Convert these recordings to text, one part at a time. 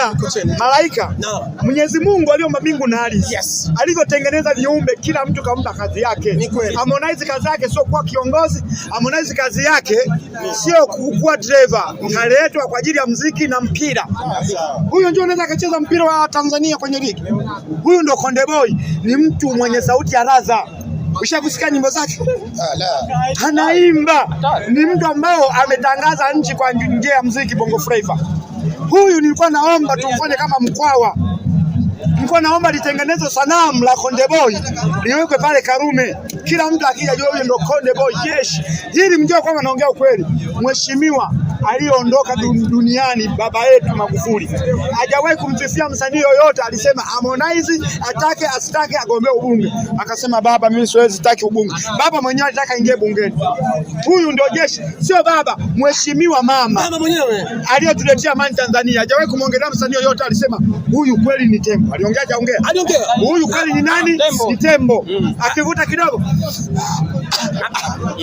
Ila malaika Mwenyezi Mungu aliyo mbingu na ardhi yes, alivyotengeneza viumbe, kila mtu kampa kazi yake. Harmonize kazi yake sio kuwa kiongozi. Harmonize kazi yake sio kuwa driver, kaletwa kwa ajili ya mziki na mpira. Huyo ndio anaweza akacheza mpira wa Tanzania kwenye ligi. Huyu ndio Konde Boy, ni mtu mwenye sauti ya raza Ushakusikia nyimbo zake, anaimba. Ni mtu ambao ametangaza nchi kwa njia ya muziki, bongo flava. Huyu nilikuwa naomba tumfanye kama Mkwawa nilikuwa naomba litengenezwe sanamu la Konde Boy liwekwe pale Karume, kila mtu akija jua huyo ndo Konde Boy jeshi hili. Mjue kwamba naongea ukweli, mheshimiwa aliyeondoka duniani baba yetu Magufuli hajawahi kumsifia msanii yoyote. Alisema Harmonize atake asitake agombee ubunge, akasema baba, mimi siwezi taki ubunge. Baba mwenyewe alitaka ingie bungeni. Huyu ndio jeshi, sio baba. Mheshimiwa mama, mama mwenyewe aliyetuletea amani Tanzania hajawahi kumwongelea msanii yoyote, alisema huyu kweli ni tembo. Aliongea aliongea hajaongea? Aliongea. Huyu kali ni nani? Ah, ni tembo. Mm. Akivuta kidogo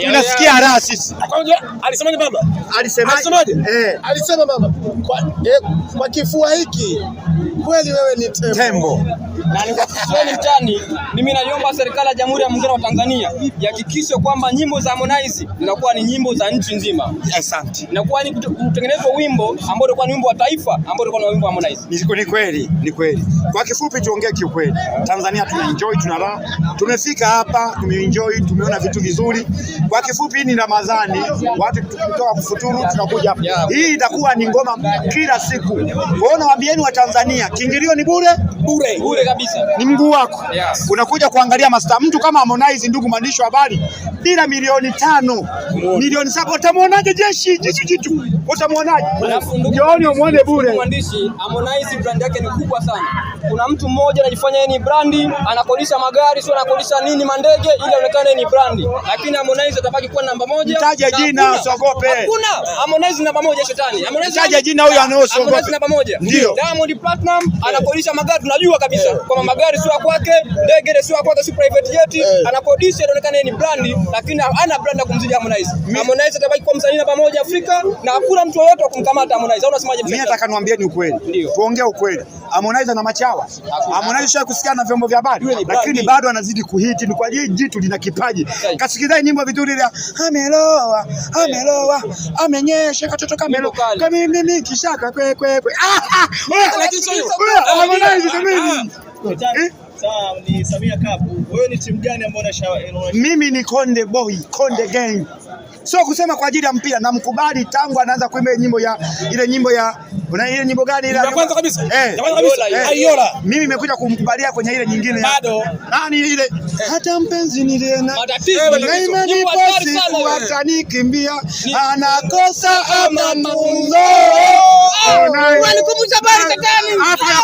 tunasikia raha sisi. Alisema Alisemaje baba? Alisemaje? Eh. Alisema mama, eh, kwa kifua hiki kweli wewe ni tembo na ni nikukuseni mtani, mimi naomba serikali ya Jamhuri ya Muungano wa Tanzania ihakikishe kwamba nyimbo za Harmonize zinakuwa ni nyimbo za nchi nzima. Asante. Yes, inakuwa ni kutengenezwa wimbo ambao ulikuwa ni wimbo wa taifa ambao ulikuwa ni wimbo wa Harmonize. Ni kweli, ni kweli. Kwa kifupi tuongee kiukweli, Tanzania tuna enjoy, tuna raha, tumefika hapa, tumeenjoy, tumeona vitu vizuri. Kwa kifupi ni Ramadhani, watu tukitoka kufuturu tunakuja hapa. Yeah. Hii itakuwa ni ngoma kila siku. Kwaona, waambieni wa Tanzania, kiingilio ni bure bure bure ni mguu wako yeah. Unakuja kuangalia masta mtu kama Harmonize, ndugu mwandishi wa habari, bila milioni tano milioni saba utamwonaje? Jeshi jeshi jitu utamwonaje? Jioni umwone bure. Mwandishi Harmonize brand yake ni kubwa sana kuna mtu mmoja anajifanya yeye ni brandi, anakodisha magari, sio anakodisha nini mandege, ili aonekane ni brandi, lakini Harmonize atabaki kuwa namba moja. Taja jina usiogope. Hakuna Harmonize namba moja shetani. Harmonize taja jina huyo anayeogopa. Harmonize namba moja. Ndio. Diamond Platinum anakodisha magari, tunajua kabisa kwamba magari sio kwake, ndege sio kwake, sio private jet, eh. anakodisha inaonekana ni brandi, lakini hana brand ya kumzidi Harmonize. Harmonize atabaki kuwa msanii namba moja Afrika na hakuna mtu yeyote wa kumkamata Harmonize. Au Unasemaje? Mimi nataka niwaambie ni ukweli. Tuongee ukweli. Harmonize na macho chawa. Harmonize sha kusikia na vyombo vya habari, lakini bado anazidi kuhiti. Ni kwa jiji jitu lina kipaji, kasikiza nyimbo vizuri ile ameloa ameloa amenyesha katoto kamelo kama mimi kishaka kwe kwe kwe. Lakini Harmonize Sawa, ni Samia Cup. Wewe ni timu gani ambayo unashauri? Mimi ni Konde Boy, Konde ah. Gang sio kusema kwa ajili ya mpira. Namkubali tangu anaanza kuimba nyimbo ya ile nyimbo ya una ile nyimbo gani ile ya kwanza kabisa eh, ya kwanza kabisa eh, Ayola. Mimi nimekuja kumkubalia kwenye ile nyingine bado nani ile eh, hata mpenzi niliye na matatizo na kimbia, anakosa ama oh! ah, ah!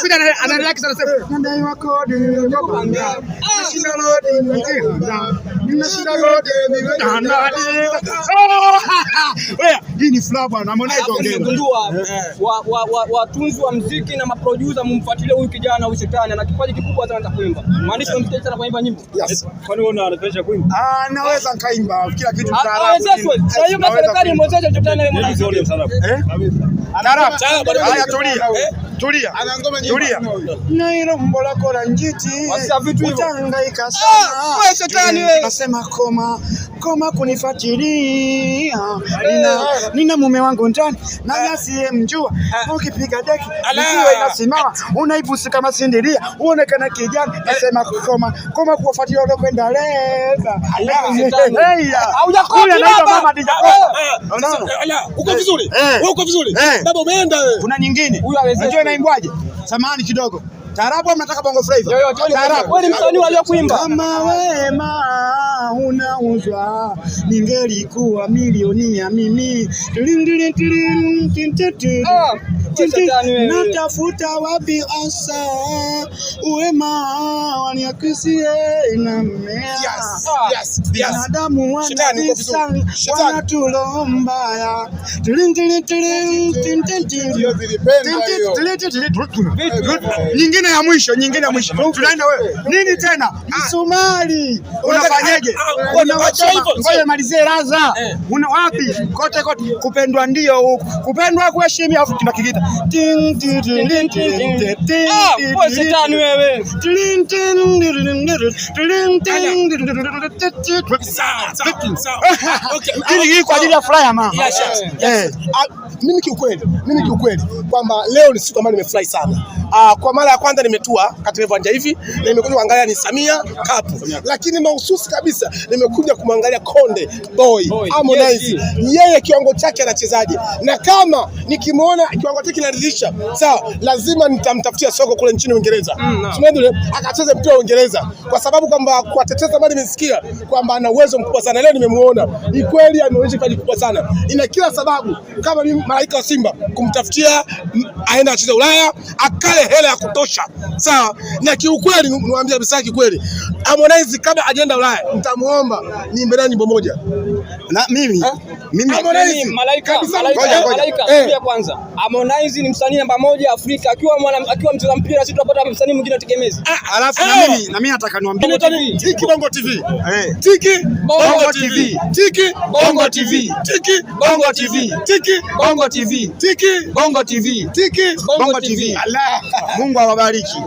sana sasa wako ah! oh, wewe hii ni furaha bwana harmonize ongea eh, watunzi wa muziki na maproducer mumfuatilie huyu kijana huyu shetani ana kipaji kikubwa sana cha kuimba mwandishi wa muziki kuimba nyimbo yes kwani wewe unaweza kuimba ah naweza kila kitu mtaalamu oh, Nailo eh? eh? mbo lako njiti, utahangaika ah, sana. Nasema koma Umekoma kunifuatilia nina, nina mume wangu ndani na eh. nasiye mjua, eh. ukipiga deki nisiwe inasimama, unaibusi kama sindiria, uonekana kijana. Nasema eh. kukoma koma kuwafuatilia unakwenda leba kule, anaitwa mama Dija. Uko vizuri? Uko vizuri baba, umeenda wewe. Kuna nyingine, unajua inaimbwaje? Samahani kidogo, taarabu. Mnataka bongo flava? Taarabu. Wewe ni msanii unajua kuimba kama wema unauzwa, ningelikuwa milioni ya mimi tiling, tiling, tiling, oh natafuta wapi asa uwema waniakisie inamea binadamu wanavisa wanatuloho mbaya nyingine ya mwisho nyingine ya mwisho tunaenda wewe nini tena ah. msumari unafanyeje ah, ah, ngoja malizie raza eh. una wapi kote kote kupendwa ndio huku kupendwa kuheshimiwa afu tunakikita wewe kwa ajili ya furaha ya mama. Mimi kiukweli, mimi kiukweli kwamba leo ni siku ambayo nimefurahi sana Uh, kwa mara ya kwanza nimetua katika viwanja hivi na nimekuja kuangalia ni Samia Cup, lakini mahususi kabisa nimekuja kumwangalia Konde Boy Harmonize. Yeye kiwango chake anachezaje? Na kama nikimwona kiwango chake kinaridhisha, sawa, lazima nitamtafutia soko kule nchini Uingereza, mm, akacheze mpira wa Uingereza, kwa sababu kwamba kwa tetesa bali nimesikia kwamba ana uwezo mkubwa sana. Leo nimemuona, ni kweli ameonyesha kipaji sana. Ina kila sababu kama mimi malaika wa Simba kumtafutia aende acheze Ulaya akale hela ya kutosha, sawa. Na kiukweli niwaambia kabisa, kweli, Harmonize kabla ajenda Ulaya, nitamuomba ni naye nyimbo moja na mimi mimi malaika malaika malaika pia kwanza, Harmonize ni msanii namba moja Afrika, akiwa akiwa mcheza mpira, sisi tunapata msanii mwingine tegemezi. Ah, alafu na mimi na mimi nataka niwaambie Tiki Bongo TV, eh, Tiki Bongo TV, Tiki Bongo TV, Tiki Bongo TV, Tiki Bongo TV, Tiki Bongo TV, Tiki Bongo TV. Allah, Mungu awabariki.